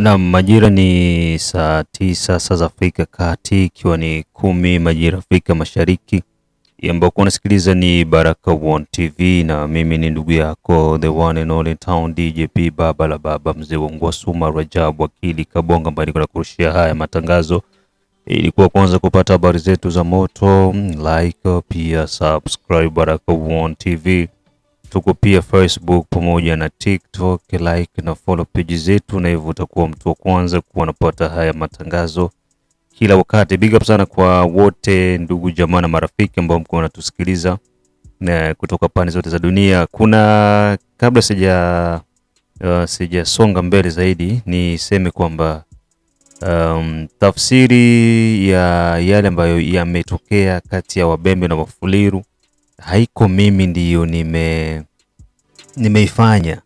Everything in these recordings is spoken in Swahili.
Na majira ni saa tisa saa za Afrika Kati, ikiwa ni kumi majira Afrika Mashariki, kwa unasikiliza ni Baraka One TV na mimi ni ndugu yako the one and only town DJP, baba la baba, mzee wangu Suma Rajab wakili Kabonga, ambaye niko nakurushia haya matangazo ilikuwa kwanza kupata habari zetu za moto, mm, like pia subscribe Baraka One TV. Tuko pia Facebook pamoja na TikTok, like na follow page zetu, na hivyo utakuwa mtu wa kwanza kuwa unapata haya matangazo kila wakati. Big up sana kwa wote ndugu jamaa na marafiki ambao mko wanatusikiliza na kutoka pande zote za dunia. Kuna kabla sija uh, sijasonga mbele zaidi niseme kwamba um, tafsiri ya yale ambayo yametokea kati ya Wabembe na Wafuliru haiko mimi ndiyo nime nimeifanya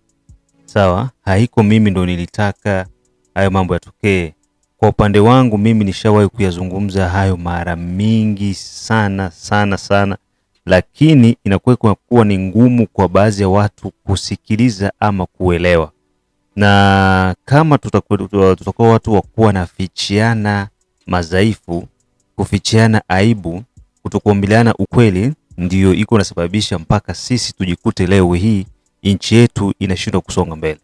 sawa, haiko mimi ndo nilitaka hayo mambo yatokee. Kwa upande wangu mimi nishawahi kuyazungumza hayo mara mingi sana sana sana, lakini inakuwa kuwa ni ngumu kwa baadhi ya watu kusikiliza ama kuelewa, na kama tutakuwa watu wa kuwa na fichiana madhaifu, kufichiana aibu, kutokuambiliana ukweli ndiyo iko nasababisha mpaka sisi tujikute leo hii nchi yetu inashindwa kusonga mbele.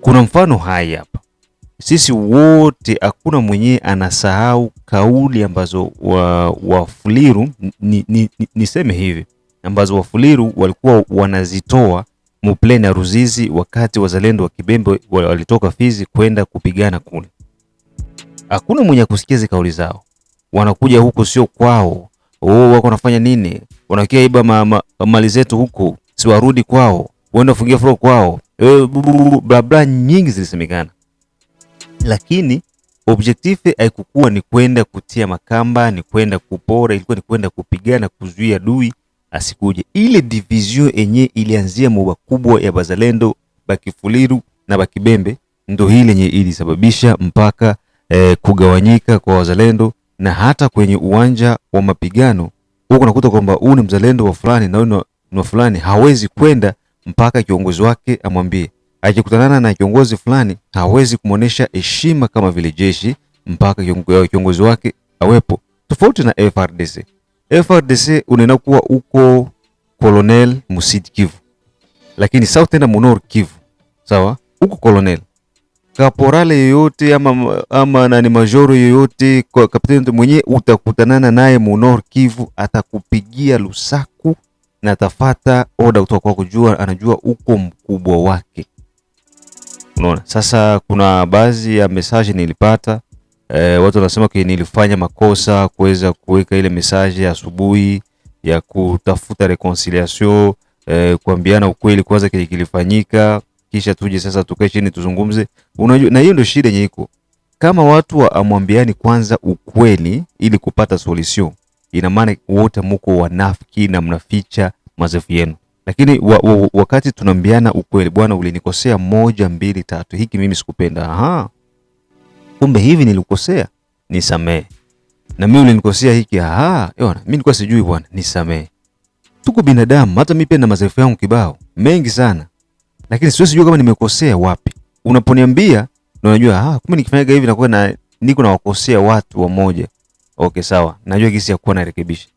Kuna mfano hai hapa, sisi wote, hakuna mwenyewe anasahau kauli ambazo wa, wa Fuliru ni, ni hivi ambazo Wafuliru walikuwa wanazitoa Muple ya Ruzizi wakati wazalendo wa Kibembe walitoka Fizi kwenda kupigana kule. Hakuna mwenye kusikia kauli zao, wanakuja huko sio kwao, oh, wako nafanya nini? wanakiaiba mali ma, zetu huku, si warudi kwao, wenda fungia furo kwao, eh, bla nyingi zilisemekana, lakini objective haikukuwa ni kwenda kutia makamba, ni kwenda kupora, ilikuwa ni kwenda kupigana, kuzuia dui asikuje. Ile division yenye ilianzia moba kubwa ya Bazalendo, Bakifuliru na Bakibembe ndo hii lenye ilisababisha mpaka eh, kugawanyika kwa Wazalendo na hata kwenye uwanja wa mapigano huko unakuta kwamba huyu ni mzalendo wa fulani na huyu ni wa fulani, hawezi kwenda mpaka kiongozi wake amwambie. Akikutanana na kiongozi fulani hawezi kumwonesha heshima kama vile jeshi mpaka kiongozi wake awepo, tofauti na FRDC. FRDC unaenda kuwa uko Colonel Musid Kivu, lakini Southern Munor Kivu, sawa, uko Colonel kaporale yoyote ama, ama nani majoro yoyote kwa kapteni mwenye utakutanana naye munor Kivu, atakupigia lusaku na tafata oda kutoka kwa kujua, anajua uko mkubwa wake. Unaona, sasa kuna baadhi ya message nilipata e, watu wanasema ke nilifanya makosa kuweza kuweka ile mesaji asubuhi ya, ya kutafuta reconciliation e, kuambiana ukweli kwanza kile kilifanyika kisha tuje sasa tukae chini tuzungumze. Unajua, na hiyo ndio shida yenye iko kama watu amwambiani kwanza ukweli ili kupata solution, ina maana wote mko wanafiki na mnaficha mazefu yenu. Lakini wa, wa, wakati tunaambiana ukweli, bwana, ulinikosea moja mbili tatu, hiki mimi sikupenda. Aha, kumbe hivi nilikosea, nisamee. Na mimi ulinikosea hiki, aha, yona, mimi nilikuwa sijui bwana, nisamee. Tuko binadamu, hata mimi pia na mazefu yangu kibao mengi sana lakini siwezi kujua kama nimekosea wapi. Unaponiambia ndio najua, ah, kumbe nikifanyaga hivi nakuwa na niko na wakosea watu wa moja. Okay, sawa, najua jinsi ya kuwa narekebisha.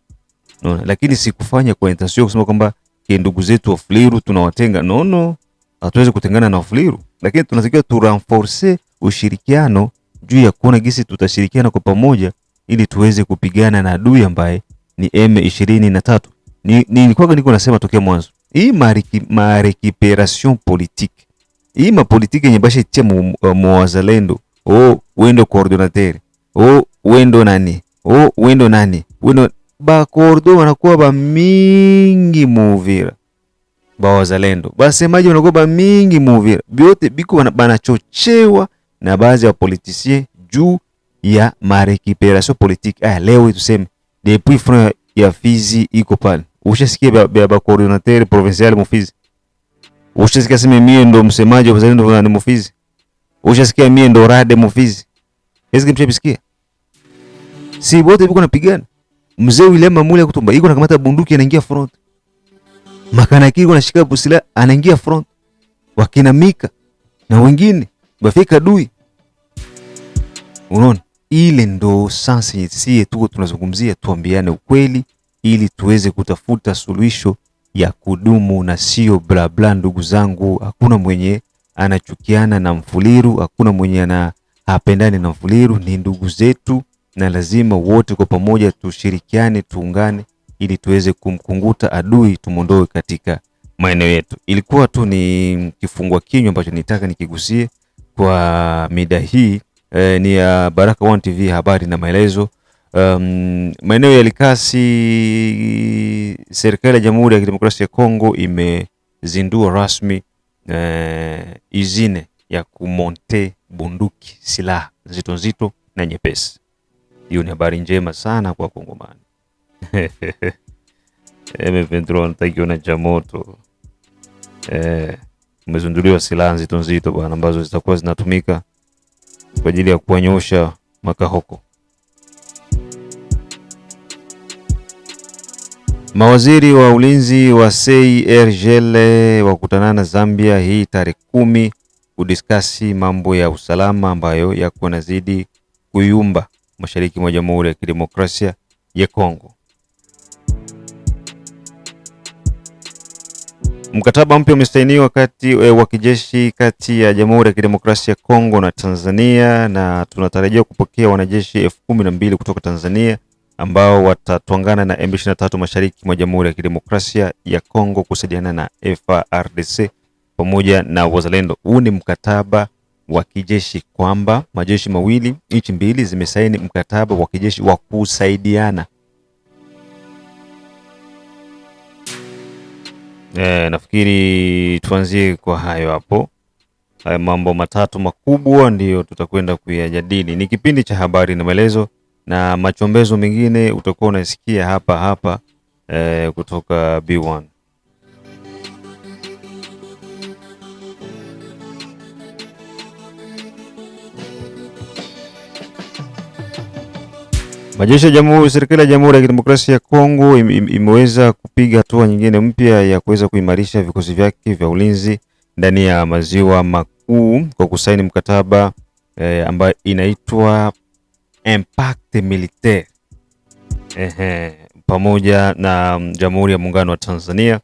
Unaona, lakini sikufanya kwa intention kusema kwamba ndugu zetu wa Fuliru tunawatenga. No, no, hatuwezi kutengana na Wafuliru, lakini tunatakiwa tu reinforce ushirikiano juu ya kuona gisi tutashirikiana kwa pamoja ili tuweze kupigana na adui ambaye ni M23. Ni nilikuwa niko nasema tokea mwanzo hii marekiperasion politique hii mapolitiki yenye basha itia muwazalendo mu euh, o oh, wendo koordinateri o oh, wendo nani o oh, wendo nani wendo bakordo wanakuwa bamingi muuvira bawazalendo basemaji wanakuwa bamingi muuvira byote biko banachochewa na baadhi ya wapolitisie juu ya marekiperasio politique Aya, ah, leo tuseme depuis front ya Fizi iko pale Ushasikia ba coordinateur provincial Mufizi? Ushasikia sema mie ndo msemaji wa wazalendo ni Mufizi? Ushasikia mie ndo rade Mufizi? Hizi mshapisikia? Si wote biko napigana. Mzee Wilema mule kutumba iko nakamata bunduki anaingia front. Makana kiko anashika busila anaingia front. Wakina Mika na wengine bafika dui. Unaona? Ile ndo sasa sisi tuko tunazungumzia, tuambiane ukweli ili tuweze kutafuta suluhisho ya kudumu na sio bla bla. Ndugu zangu, hakuna mwenye anachukiana na mfuliru, hakuna mwenye ana hapendani na mfuliru. Ni ndugu zetu, na lazima wote kwa pamoja tushirikiane, tuungane ili tuweze kumkunguta adui, tumondoe katika maeneo yetu. Ilikuwa tu ni kifungua kinywa ambacho nitaka nikigusie kwa mida hii. E, ni ya Baraka One TV habari na maelezo. Um, maeneo ya Likasi, serikali ya Jamhuri ya Kidemokrasia ya Kongo imezindua rasmi uh, izine ya kumonte bunduki silaha nzito nzito na nyepesi. Hiyo ni habari njema sana kwa Kongomani. M23 anatakiona na jamoto eh, umezinduliwa silaha nzito nzito bwana, ambazo zitakuwa zinatumika kwa ajili ya kuwanyosha makahoko Mawaziri wa ulinzi wa CIRGL e wakutana na Zambia hii tarehe kumi kudiskasi mambo ya usalama ambayo yako nazidi kuyumba mashariki mwa Jamhuri ya Kidemokrasia ya Kongo. Mkataba mpya umesainiwa kati e, wa kijeshi kati ya Jamhuri ya Kidemokrasia ya Kongo na Tanzania na tunatarajia kupokea wanajeshi elfu kumi na mbili kutoka Tanzania ambao watatwangana na M23 mashariki mwa Jamhuri ya Kidemokrasia ya Kongo kusaidiana na FARDC pamoja na Wazalendo. Huu ni mkataba wa kijeshi kwamba majeshi mawili nchi mbili zimesaini mkataba wa kijeshi wa kusaidiana. E, nafikiri tuanzie kwa hayo hapo. Haya mambo matatu makubwa ndiyo tutakwenda kuyajadili. Ni kipindi cha habari na maelezo na machombezo mengine utakuwa unasikia hapa hapa eh, kutoka B1. Majeshi ya jamhuri, serikali ya Jamhuri ya Kidemokrasia ya Kongo imeweza kupiga hatua nyingine mpya ya kuweza kuimarisha vikosi vyake vya ulinzi ndani ya maziwa makuu kwa kusaini mkataba eh, ambayo inaitwa Impact acte militaire ehe, pamoja na mm, Jamhuri ya Muungano wa Tanzania.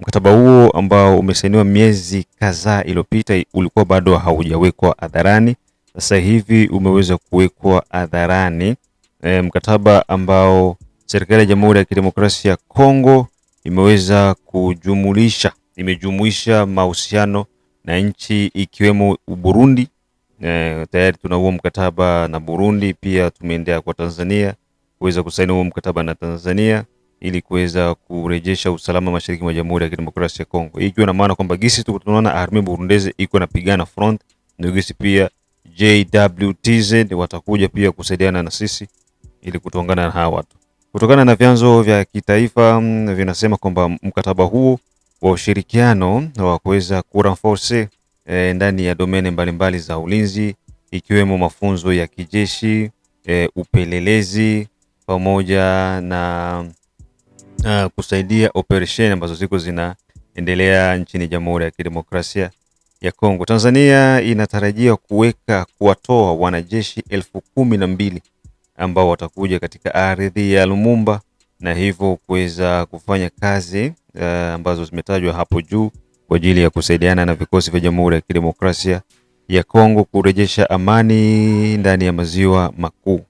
Mkataba huo ambao umesainiwa miezi kadhaa iliyopita ulikuwa bado haujawekwa hadharani, sasa hivi umeweza kuwekwa hadharani. E, mkataba ambao serikali ya Jamhuri ya Kidemokrasia ya Kongo imeweza kujumulisha imejumuisha mahusiano na nchi ikiwemo Burundi eh, tayari tuna huo mkataba na Burundi, pia tumeendea kwa Tanzania kuweza kusaini huo mkataba na Tanzania ili kuweza kurejesha usalama mashariki mwa Jamhuri ya Kidemokrasia ya Kongo. Hii ikiwa na maana kwamba gisi tu tunaona armee burundeze iko na pigana front, na gisi pia JWTZ watakuja pia kusaidiana na sisi ili kutongana na hawa watu. Kutokana na vyanzo vya kitaifa mm, vinasema kwamba mkataba huu wa ushirikiano wa kuweza kuranforce e, ndani ya domene mbalimbali za ulinzi ikiwemo mafunzo ya kijeshi e, upelelezi pamoja na a, kusaidia operesheni ambazo ziko zinaendelea nchini Jamhuri ya Kidemokrasia ya Kongo. Tanzania inatarajia kuweka kuwatoa wanajeshi elfu kumi na mbili ambao watakuja katika ardhi ya Lumumba na hivyo kuweza kufanya kazi uh, ambazo zimetajwa hapo juu kwa ajili ya kusaidiana na vikosi vya Jamhuri ya Kidemokrasia ya Kongo kurejesha amani ndani ya maziwa makuu.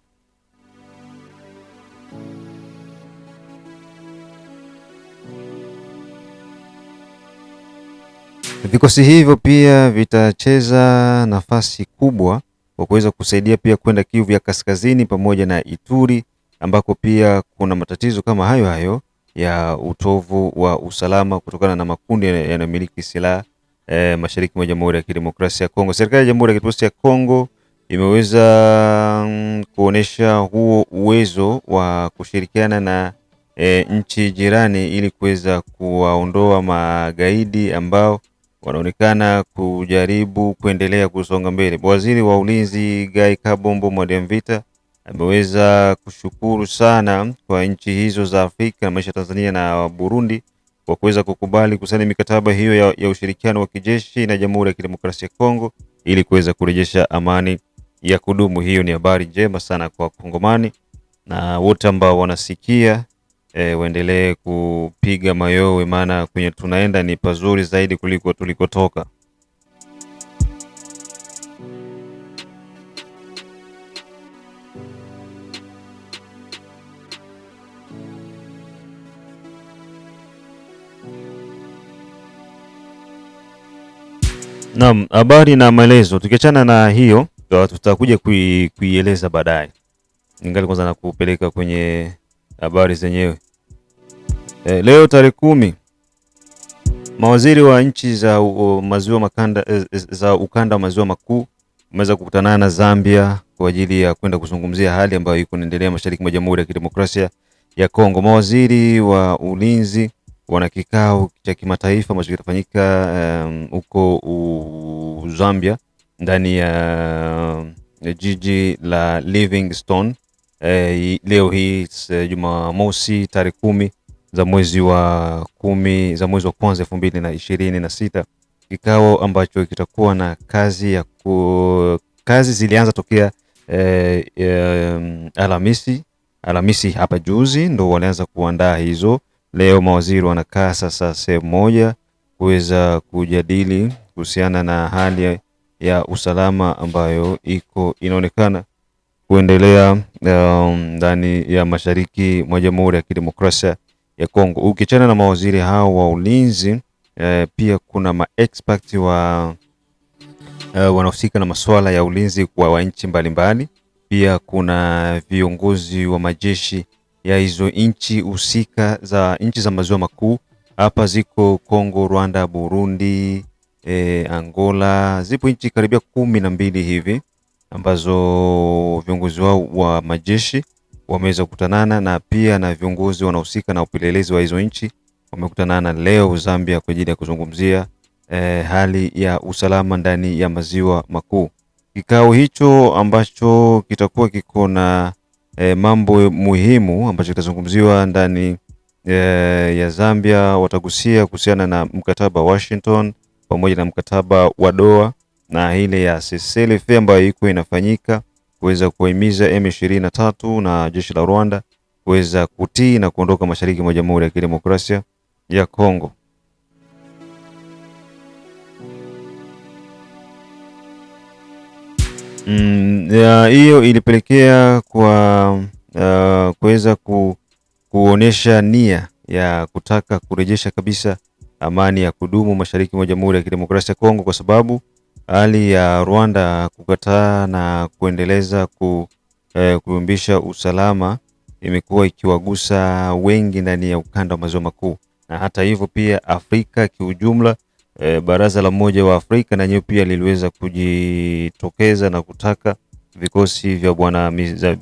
Vikosi hivyo pia vitacheza nafasi kubwa kwa kuweza kusaidia pia kwenda Kivu ya Kaskazini pamoja na Ituri ambako pia kuna matatizo kama hayo hayo ya utovu wa usalama kutokana na makundi yanayomiliki silaha e, mashariki mwa Jamhuri ya Kidemokrasia ya Kongo. Serikali ya Jamhuri ya Kidemokrasia ya Kongo imeweza mm, kuonesha huo uwezo wa kushirikiana na e, nchi jirani ili kuweza kuwaondoa magaidi ambao wanaonekana kujaribu kuendelea kusonga mbele. Waziri wa Ulinzi Guy Kabombo Mwadiamvita ameweza kushukuru sana kwa nchi hizo za Afrika maisha Tanzania na Burundi kwa kuweza kukubali kusaini mikataba hiyo ya, ya ushirikiano wa kijeshi na Jamhuri ya Kidemokrasia ya Kongo ili kuweza kurejesha amani ya kudumu. Hiyo ni habari njema sana kwa kongomani na wote ambao wanasikia e, waendelee kupiga mayowe, maana kwenye tunaenda ni pazuri zaidi kuliko tulikotoka. Naam, habari na maelezo. Tukiachana na hiyo tutakuja kui, kuieleza baadaye. Ningali kwanza na kupeleka kwenye habari zenyewe. E, leo tarehe kumi mawaziri wa nchi za, uh, maziwa makanda, eh, eh, za ukanda wa maziwa makuu wameweza kukutana na Zambia kwa ajili ya kwenda kuzungumzia hali ambayo iko inaendelea mashariki mwa Jamhuri ya Kidemokrasia ya Kongo. Mawaziri wa ulinzi wana kikao cha kimataifa ambacho kitafanyika um, huko um, Zambia ndani ya uh, jiji la Livingstone uh, leo hii uh, Jumamosi tarehe kumi za mwezi wa kumi za mwezi wa kwanza elfu mbili na ishirini na sita kikao ambacho kitakuwa na kazi ya ku, kazi zilianza tokea uh, eh, um, Alhamisi Alhamisi hapa juzi ndo walianza kuandaa hizo Leo mawaziri wanakaa sasa sehemu moja kuweza kujadili kuhusiana na hali ya usalama ambayo iko inaonekana kuendelea um, ndani um, ya mashariki mwa Jamhuri ya Kidemokrasia ya Kongo. Ukichana na mawaziri hao wa ulinzi eh, pia kuna maexpert wa eh, wanahusika na masuala ya ulinzi kwa wa nchi mbalimbali. Pia kuna viongozi wa majeshi ya hizo nchi husika za nchi za maziwa makuu. Hapa ziko Kongo, Rwanda, Burundi, e, Angola, zipo nchi karibia kumi na mbili hivi ambazo viongozi wao wa majeshi wameweza kukutanana na pia na viongozi wanaohusika na upelelezi wa hizo nchi wamekutanana leo Zambia kwa ajili ya kuzungumzia e, hali ya usalama ndani ya maziwa makuu. Kikao hicho ambacho kitakuwa kiko na e, mambo muhimu ambacho kitazungumziwa ndani e, ya Zambia. Watagusia kuhusiana na mkataba wa Washington pamoja na mkataba wa Doha na ile ya CCLF ambayo iko inafanyika kuweza kuhimiza M23 na jeshi la Rwanda kuweza kutii na kuondoka mashariki mwa Jamhuri ya Kidemokrasia ya Kongo. Mm, hiyo mm, ilipelekea kwa uh, kuweza ku, kuonesha nia ya kutaka kurejesha kabisa amani ya kudumu mashariki mwa Jamhuri ya Kidemokrasia ya Kongo, kwa sababu hali ya Rwanda kukataa na kuendeleza ku, eh, kuyumbisha usalama imekuwa ikiwagusa wengi ndani ya ukanda wa maziwa makuu, na hata hivyo pia Afrika kiujumla e, baraza la mmoja wa Afrika na nyewe pia liliweza kujitokeza na kutaka vikosi vya bwana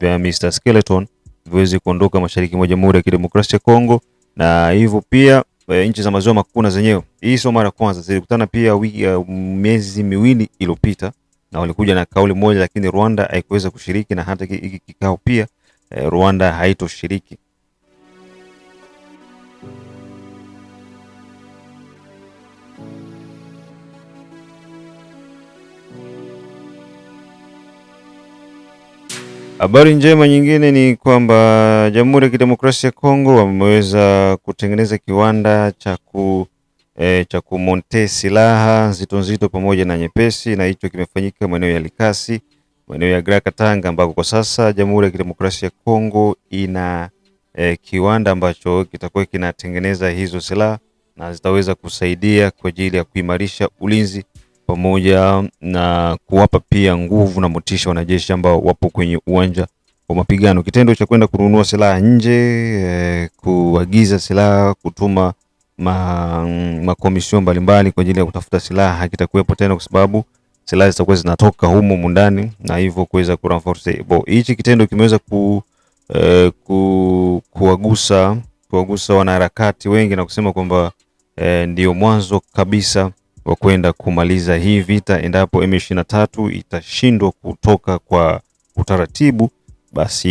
vya Mr Skeleton viweze kuondoka mashariki mwa Jamhuri ya Kidemokrasia ya Kongo, na hivyo pia e, nchi za maziwa makuu na zenyewe, hii sio mara kwanza, zilikutana pia wiki eh, miezi miwili iliyopita na walikuja na kauli moja, lakini Rwanda haikuweza kushiriki na hata hiki kikao pia e, Rwanda haitoshiriki. Habari njema nyingine ni kwamba Jamhuri ya Kidemokrasia ya Kongo wameweza kutengeneza kiwanda cha ku e, cha kumonte silaha nzito nzito pamoja na nyepesi, na hicho kimefanyika maeneo ya Likasi, maeneo ya graka tanga ambako kwa sasa Jamhuri ya Kidemokrasia ya Kongo ina e, kiwanda ambacho kitakuwa kinatengeneza hizo silaha na zitaweza kusaidia kwa ajili ya kuimarisha ulinzi pamoja na kuwapa pia nguvu na motisha wanajeshi ambao wapo kwenye uwanja wa mapigano. Kitendo cha kwenda kununua silaha nje e, kuagiza silaha, kutuma makomisio ma mbalimbali kwa ajili ya kutafuta silaha hakitakuwepo tena, kwa sababu silaha zitakuwa zinatoka humo mundani na hivyo kuweza bo. Hichi kitendo kimeweza ku, e, ku, kuwagusa kuwagusa wanaharakati wengi na kusema kwamba e, ndio mwanzo kabisa wa kwenda kumaliza hii vita. Endapo M23 itashindwa kutoka kwa utaratibu, basi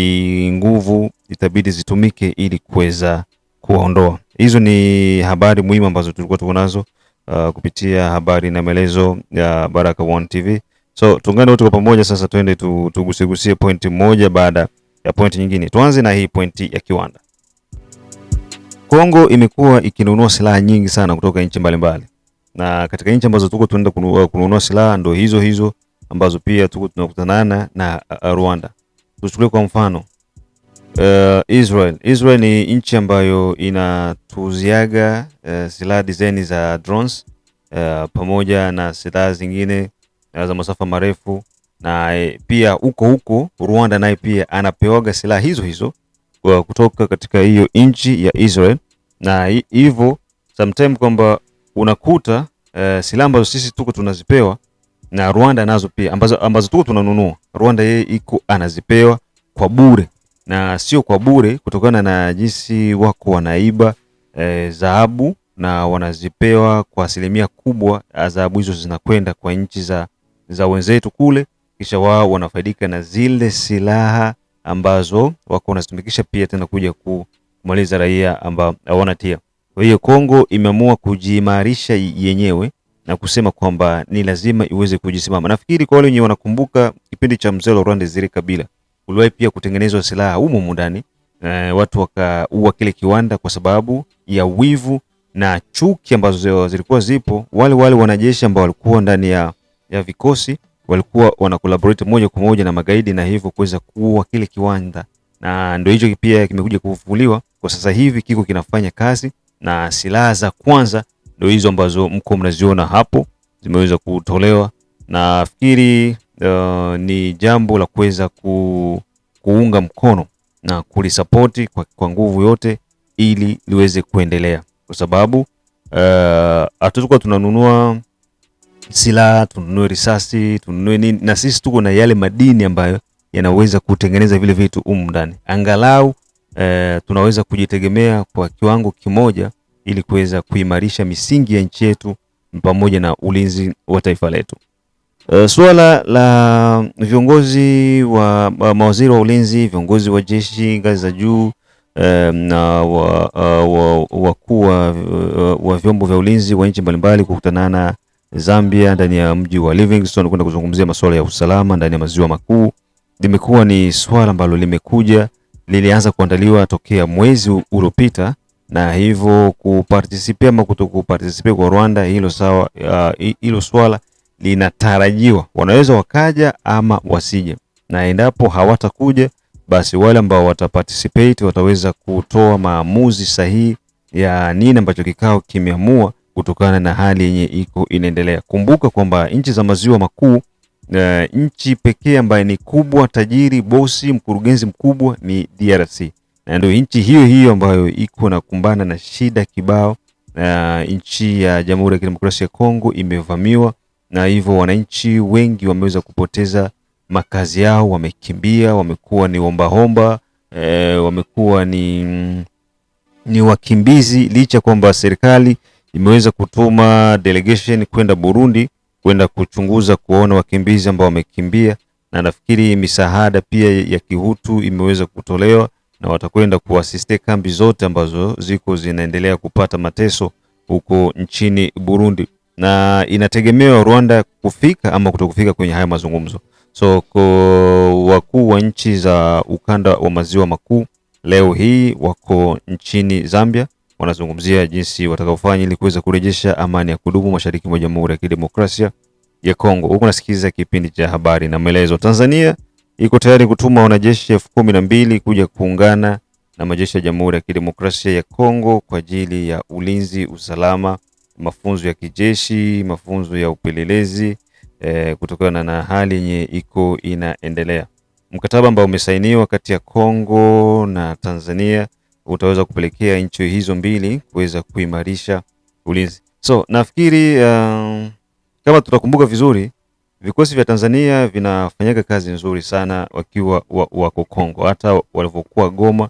nguvu itabidi zitumike ili kuweza kuwaondoa. Hizo ni habari muhimu ambazo tulikuwa tuko nazo uh, kupitia habari na maelezo ya Baraka One TV. So tuungane wote kwa pamoja sasa, twende tugusigusie pointi moja baada ya pointi nyingine. Tuanze na hii pointi ya kiwanda. Kongo imekuwa ikinunua silaha nyingi sana kutoka nchi mbalimbali na katika nchi ambazo tuko tunaenda uh, kununua silaha ndo hizo hizo ambazo pia tuko tunakutanana na uh, Rwanda. Tuchukulie kwa mfano uh, Israel. Israel ni nchi ambayo inatuziaga uh, silaha design za drones uh, pamoja na silaha zingine uh, za masafa marefu na e, pia huko huko Rwanda naye pia anapewaga silaha hizo hizo kutoka katika hiyo nchi ya Israel, na hivyo sometimes kwamba unakuta uh, silaha ambazo sisi tuko tunazipewa na Rwanda nazo pia ambazo, ambazo tuko tunanunua Rwanda, yeye iko anazipewa kwa bure na sio kwa bure, kutokana na jinsi wako wanaiba dhahabu eh, dhahabu na wanazipewa kwa asilimia kubwa. Dhahabu ah, hizo zinakwenda kwa nchi za, za wenzetu kule, kisha wao wanafaidika na zile silaha ambazo wako wanazitumikisha pia tena kuja kumaliza raia ambao hawana tia. Kwa hiyo Kongo imeamua kujiimarisha yenyewe na kusema kwamba ni lazima iweze kujisimama. Nafikiri kwa wale wenye wanakumbuka kipindi cha mzee Laurent Desire Kabila, uliwahi pia kutengenezwa silaha humo mundani e, eh, watu wakaua kile kiwanda kwa sababu ya wivu na chuki ambazo zilikuwa zipo. Wale wale wanajeshi ambao walikuwa ndani ya, ya vikosi walikuwa wanakolaborate moja kwa moja na magaidi na hivyo kuweza kuua kile kiwanda, na ndio hicho pia kimekuja kufufuliwa kwa sasa hivi, kiko kinafanya kazi na silaha za kwanza ndio hizo ambazo mko mnaziona hapo zimeweza kutolewa. Nafikiri uh, ni jambo la kuweza ku, kuunga mkono na kulisapoti kwa, kwa nguvu yote ili liweze kuendelea kwa sababu hatukuwa uh, tunanunua silaha tununue risasi tununue nini, na sisi tuko na yale madini ambayo yanaweza kutengeneza vile vitu humu ndani angalau e, tunaweza kujitegemea kwa kiwango kimoja ili kuweza kuimarisha misingi ya nchi yetu pamoja na ulinzi wa taifa letu. E, suala la viongozi wa mawaziri wa ulinzi, viongozi wa jeshi ngazi za juu eh, na wakuu wa, wa, wa vyombo vya ulinzi wa nchi mbalimbali kukutanana Zambia ndani ya mji wa Livingstone kwenda kuzungumzia masuala ya usalama ndani ya maziwa makuu limekuwa ni swala ambalo limekuja lilianza kuandaliwa tokea mwezi uliopita na hivyo kupartisipia ama kutokupartisipia kwa Rwanda hilo sawa, uh, hilo uh, swala linatarajiwa wanaweza wakaja ama wasije, na endapo hawatakuja basi wale ambao wataparticipate wataweza kutoa maamuzi sahihi ya nini ambacho kikao kimeamua kutokana na hali yenye iko inaendelea. Kumbuka kwamba nchi za maziwa makuu uh, nchi pekee ambayo ni kubwa, tajiri, bosi, mkurugenzi mkubwa ni DRC, na ndio nchi hiyo hiyo ambayo iko na kumbana na shida kibao. Uh, nchi ya Jamhuri ya Kidemokrasia ya Kongo imevamiwa na hivyo wananchi wengi wameweza kupoteza makazi yao, wamekimbia, wamekuwa ni ombahomba e, eh, wamekuwa ni, ni wakimbizi, licha kwamba serikali imeweza kutuma delegation kwenda Burundi kwenda kuchunguza kuona wakimbizi ambao wamekimbia, na nafikiri misaada pia ya kihutu imeweza kutolewa na watakwenda kuasiste kambi zote ambazo ziko zinaendelea kupata mateso huko nchini Burundi, na inategemewa Rwanda kufika ama kutokufika kwenye haya mazungumzo. So wakuu wa nchi za ukanda wa maziwa makuu leo hii wako nchini Zambia wanazungumzia jinsi watakaofanya ili kuweza kurejesha amani ya kudumu mashariki mwa Jamhuri ya Kidemokrasia ya Kongo. Huko nasikiliza kipindi cha habari na maelezo. Tanzania iko tayari kutuma wanajeshi elfu kumi na mbili kuja kuungana na majeshi ya Jamhuri ya Kidemokrasia ya Kongo kwa ajili ya ulinzi, usalama, mafunzo ya kijeshi, mafunzo ya upelelezi eh, kutokana na hali yenye iko inaendelea. Mkataba ambao umesainiwa kati ya Kongo na Tanzania utaweza kupelekea nchi hizo mbili kuweza kuimarisha ulinzi. So nafikiri uh, kama tutakumbuka vizuri, vikosi vya Tanzania vinafanyaga kazi nzuri sana wakiwa wako Kongo, hata walivyokuwa Goma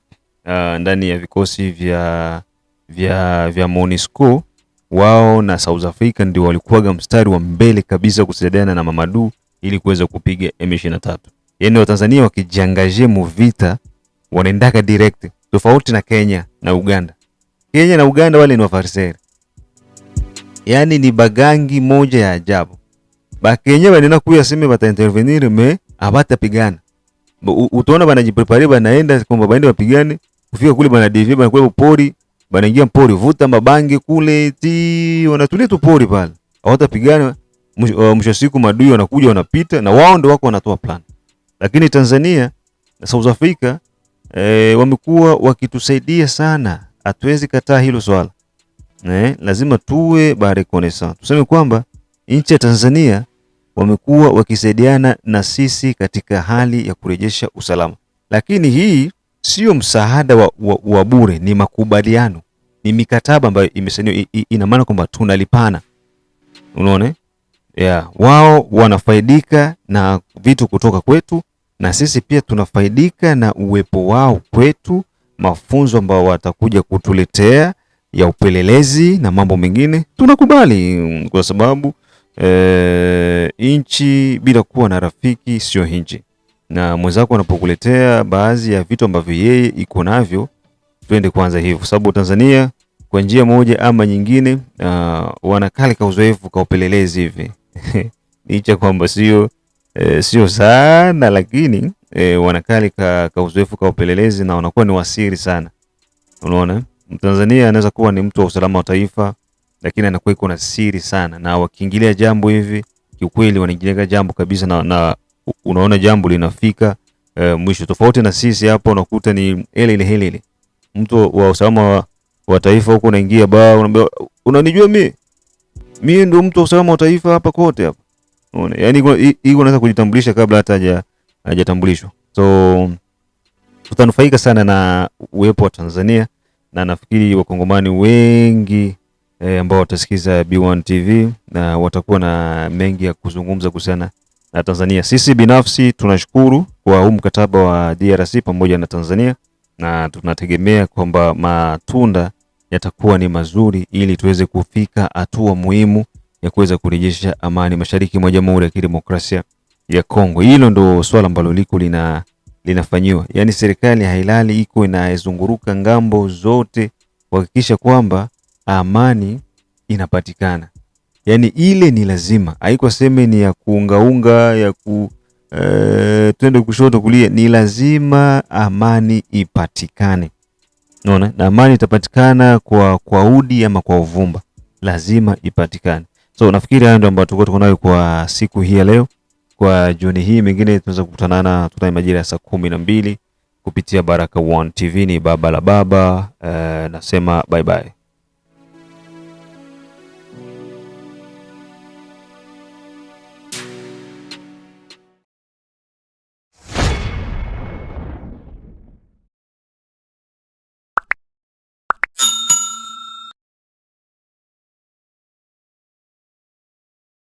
uh, ndani ya vikosi vya vya, vya MONUSCO wao na South Africa ndio walikuwaga mstari wa mbele kabisa kusaidiana na Mamadu ili kuweza kupiga M23. Yaani Watanzania wakijiangaje mu vita wanaendaka direct tofauti na Kenya na Uganda. Kenya na Uganda wale ni Wafariseri, yaani ni bagangi moja ya ajabu. Bakenya banena kuya sema bata intervenir me abata pigana. utaona bana jiprepare banaenda kwamba baende wapigane, kufika kule bana DV banadevie, banakuwa mpori, banaingia pori vuta mabangi kule ti wanatulia tu pori pale, Hawata pigana Mwisho uh, siku madui wanakuja wanapita, na wao ndio wako wanatoa plan. Lakini Tanzania na South Africa e, wamekuwa wakitusaidia sana, hatuwezi kataa hilo swala e, lazima tuwe barekonesa, tuseme kwamba nchi ya Tanzania wamekuwa wakisaidiana na sisi katika hali ya kurejesha usalama, lakini hii sio msaada wa, wa, wa bure, ni makubaliano, ni mikataba ambayo imesainiwa. Ina maana kwamba tunalipana, unaona yeah. Wao wanafaidika na vitu kutoka kwetu, na sisi pia tunafaidika na uwepo wao kwetu, mafunzo ambao watakuja kutuletea ya upelelezi na mambo mengine tunakubali, kwa sababu e, nchi bila kuwa na rafiki sio nchi. Na mwenzako anapokuletea baadhi ya vitu ambavyo yeye iko navyo, twende kwanza hivyo, sababu Tanzania kwa njia moja ama nyingine, uh, wanakali ka uzoefu ka upelelezi hivi licha kwamba sio Eh, sio sana lakini e, wanakali ka, ka uzoefu ka upelelezi na wanakuwa ni wasiri sana. Unaona, Mtanzania anaweza kuwa ni mtu wa usalama wa taifa, lakini anakuwa iko na siri sana, na wakiingilia jambo hivi kiukweli wanajenga jambo kabisa na, na unaona jambo linafika e, mwisho, tofauti na sisi hapa unakuta ni ile ile hele ile. Mtu wa usalama wa, wa taifa huko unaingia ba unanijua mimi mimi ndio mtu wa usalama wa taifa hapa kote hapa Unaona? Yaani hii unaweza kujitambulisha kabla hata haja hajatambulishwa. So tutanufaika sana na uwepo wa Tanzania na nafikiri wakongomani wengi e, ambao watasikiza B1 TV na watakuwa na mengi ya kuzungumza kuhusiana na Tanzania. Sisi binafsi tunashukuru kwa huu mkataba wa DRC pamoja na Tanzania na tunategemea kwamba matunda yatakuwa ni mazuri ili tuweze kufika hatua muhimu ya kuweza kurejesha amani mashariki mwa Jamhuri ya Kidemokrasia ya Kongo. Hilo ndo swala ambalo liko lina linafanyiwa, yaani serikali hailali, iko inazunguruka ngambo zote kuhakikisha kwamba amani inapatikana. Yaani ile ni lazima, haiko seme ni ya kuungaunga ya ku eh, twende kushoto kulia, ni lazima amani ipatikane. Unaona, na amani itapatikana kwa kwa udi ama kwa uvumba, lazima ipatikane. So nafikiri hayo ndio ambayo tulikuwa tuko nayo kwa siku hii ya leo kwa jioni hii. Mengine tunaweza kukutanana tutaye majira ya saa kumi na mbili kupitia Baraka One TV. Ni baba la baba, uh, nasema bye bye.